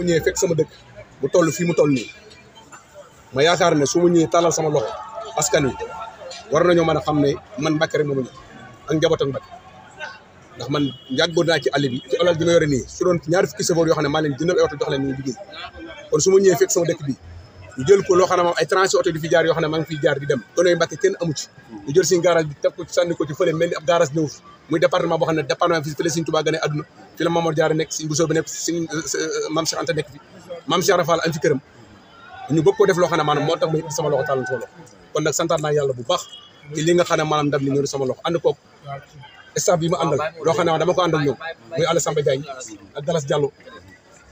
ma ñëwee fekk sama dëkk mu toll fii mu toll nii ma yaakaar ne su ma ñëwee tàllal sama loxo askan wi war nañoo mën a xam ne man Mbàkke rek moomu ñu ak njabootam Mbàkke ndax man njàggoon naa ci àll bi ci alal ji yore nii su doon ñaari fukki safoor ne maa leen jëndal ay oto jox leen ñu liggéey kon su ma ñëwee fekk sama dëkk bi ko loo ay transit oto di fi jaar yoo xam ne jaar di dem donoy Mbàkke kenn amu ci ñu jël seen garage bi teg ko ko ci fële mel ni ab muy département boo ne département fi fële fi la jaar Diarra nekk Sëñ Bousso bi nekk Sëñ euh, euh, euh, Mame Cheikh Anta nekk fi Mame Cheikh Rafal am fi këram ñu bëgg ko def loo xam ne maanaam moo tax ma yëpp sama loxo tàllal sama loxo kon nag santaat naa yàlla bu baax ci li nga xam ne maanaam ndam li ñëw sama loxo ànd koog staff bi ma loo xam ne dama ko àndal ñoom muy Alassane Diagne ak Galas Diallo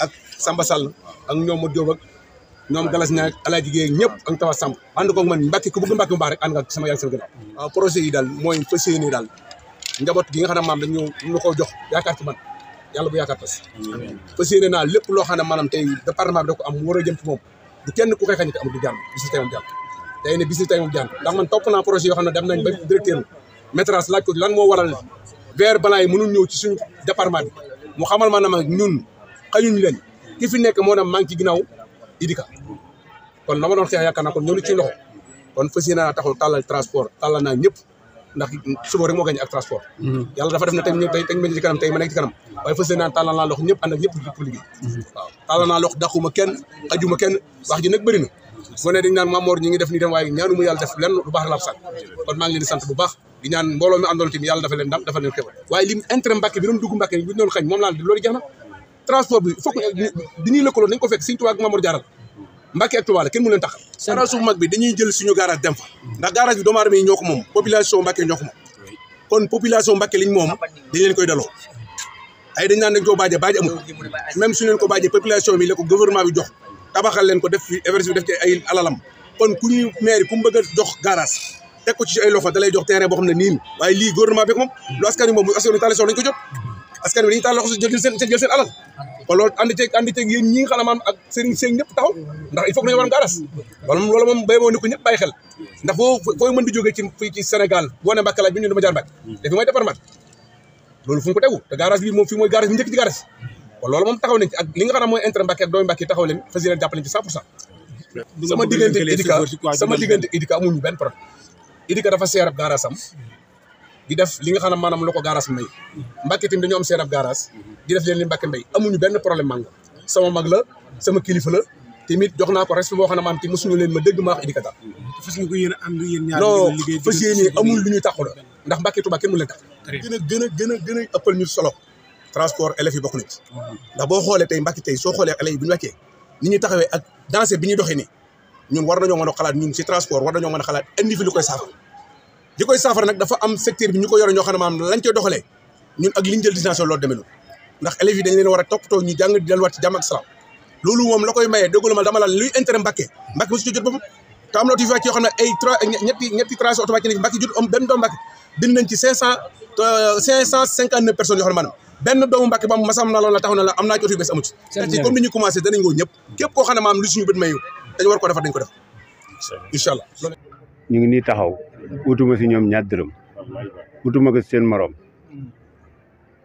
ak Samba Sall ak ñoom Modou Diop ak ñoom Galas Niang alaa jigéen ñëpp ak Tawa Samb ànd koog man Mbàkke ku bëgg Mbàkke mu baax rek ànd nga sama yàlla sama gën projet yi mooy fas yéene daal njaboot gi nga xam ne maam dañu ñu koo jox yaakaar ci man yàlla bu yaakaar tas fas yéene naa lépp loo xam ne maanaam tey département bi da ko am war a jëm ci moom ku koy xañ te amul du jàmm bis ni tey moom ne bis ni tey moom jàmm ndax man topp naa projet yoo xam ne nañ ba directeur maîtresse laaj ko lan moo waral vert blanc yi mënul ñëw ci suñu département bi mu xamal maanaam ñun xañuñu leen ki fi nekk moo ne maa ci ginnaaw idika kon la ma doon xeex yaakaar naa kon ñoo ci loxo kon fas yéene naa taxul tàllal transport tàllal naa ñëpp ndax suba rek moo gañ ak transport yàlla dafa def ne tey ñëw tey dañ mel ni waaye fas yéene naan tàllal ñëpp ànd ak ñëpp pour liggéey waaw tàllal kenn xajuma kenn wax ji nag bëri na boo ne dañ naan Mamor ñi ngi def nii dem waaye ñaanu mu yàlla def lenn lu baax la sànq kon maa ngi leen di sant bu baax di ñaan mbooloo mi àndoon tamit dafa leen ndam dafa leen xewal waaye li intérêt Mbàkke bi ko fekk Sëñ Tuubaa ak Mamor jaaral Mbàkke ak Tuubaa la kenn mu leen tax garage bu mag bi dañuy jël suñu garage dem fa ndax garage bi doomu aadama yi ñoo ko moom population Mbacké ñoo kon population Mbacké liñ moom dañ leen koy daloo ay dañ naan dañ koo baaje baaje amul même suñu leen ko baaje population bi la ko gouvernement bi jox tabaxal leen ko def fi éversi bi def ci ay alalam kon ku ñuy maire ku mu a jox garage teg ko ay lofa da jox terrain boo xam ne nii waaye lii gouvernement bi ko moom lu askan wi moom askan wi taale soxla nañ ko dañuy taal jël jël seen alal kon loolu andi ceeg andi ceeg yéen ñi nga xam ne maanaam ak sëriñ sëriñ ñëpp taxaw ndax il ndax foo fooy mën di jógee ci fii ci boo ne Mbàkke laaj bi ñu dama jaar loolu fu ñu garage bi moom fii mooy garage bi njëkk ci garage kon loolu moom taxaw nañ ci ak li nga xam ne mooy intérêt Mbàkke ak doomu Mbàkke taxaw leen fas yéene jàppale ci cent pour cent sama diggante Idika sama diggante Idika amuñu benn dafa seerab garage di def li nga xam ne maanaam la ko garage may Mbàkke tamit dañu am seerab garage di def leen li Mbacke Mbaye amuñu benn problème mango sama mag la sama kilifa la tamit jox naa ko respect boo xam ne maam te ma dégg ma wax Idika Tall fas nga ko yéen a ñaar non fas yéene amul lu ñuy taxu la ndax Mbacke Touba kenn mu leen tax gën a gën a gën a ñu solo transport élèves yi bokk ci mhm. ndax boo xoolee tey Mbacke tey soo xoolee élèves yi bu ñu wàccee ni ñuy taxawee ak danse bi ñuy doxee ni ñun war nañoo mën a xalaat ñun si transport war nañoo mën a xalaat indi fi lu koy saafara am secteur bi ñu ko yore ñoo xam ne maam lañ koy doxalee ñun ak liñ jël destination loolu demee ndax élèves yi dañ leen war a toppatoo ñu jàng di delluwaat ci jàmm ak salaam loolu moom la koy maye déglu ma dama la luy intérêt Mbacké Mbacké mosu ay trois ñetti ñetti tracé autovacc ne Mbacké nañ ci cinq cent cinq cent cinquante neuf personnes yoo xam ne maanaam benn doomu Mbacké ba masam na loolu la am naa ci auto yu bees amu ci ci comme ni ñu commencé danañ woo ñëpp ñu ngi nii taxaw utuma si ñoom ñaar dërëm utuma ko seen morom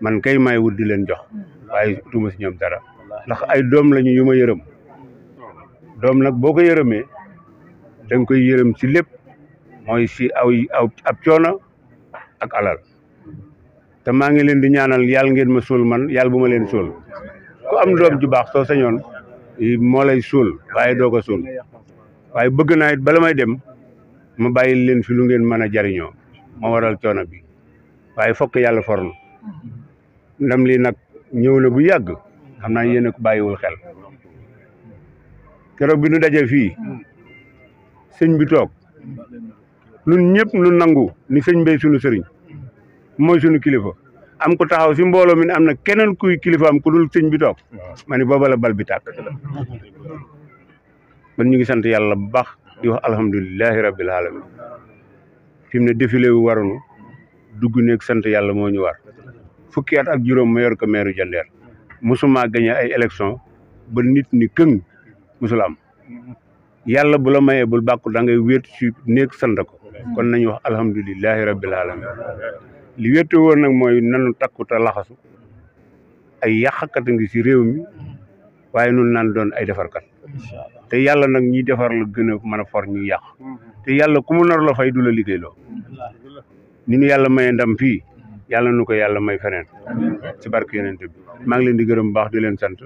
man kay may wut di leen jox hmm. waaye utuma si ñoom dara ndax ay doom lañu yu ma yërëm doom nag boo ko yërëmee da koy yërëm si lépp mooy si aw aw ab coono ak alal te maa ngi leen di ñaanal yàlla ngeen ma suul man yàlla bu ma leen suul ku am doom ju baax soo sañoon moo lay suul waaye doo ko suul waaye bëgg naa it bala may dem ma bàyyi leen fi lu ngeen mën a jariñoo ma waral coono bi waaye fokk yàlla forn ndam li nag ñëw bu yàgg xam naa yéen a ko bàyyiwul xel keroog bi nu daje fii sëñ bi toog ñun ñëpp nu nangu ni sëñ bay sunu sëriñ mooy sunu kilifa am ku taxaw si mbooloo mi ne am na keneen kuy kilifaam ku dul sëñ bi toog ma ni booba la bal bi tàkk kon ñu ngi sant yàlla bu baax di wax alhamdulilahi rabbil alamin fi mu ne warunu dugg neeg sant yàlla moo ñu war fukki at ak juróom ma yor ko meeru Jandeer mosuma gañe ay élection ba nit ni këng mosula am yàlla bu la mayee bul bàkku da ngay wéet ci néeg sant ko kon nañu wax alhamdulilahi rabbil alamin li wéete woon nag mooy nanu takku te laxasu ay yàqkat ngi si réew mi waaye nun naan doon ay defarkat te yàlla nag ñiy defar la gën a mën a for ñuy yàq mm-hmm. te yàlla ku mu nar fay du la liggéeyloo ni yàlla mayee ndam fii yàlla na ko yàlla may feneen ci barke yonent bi maa ngi leen di gërëm bu baax di leen sant.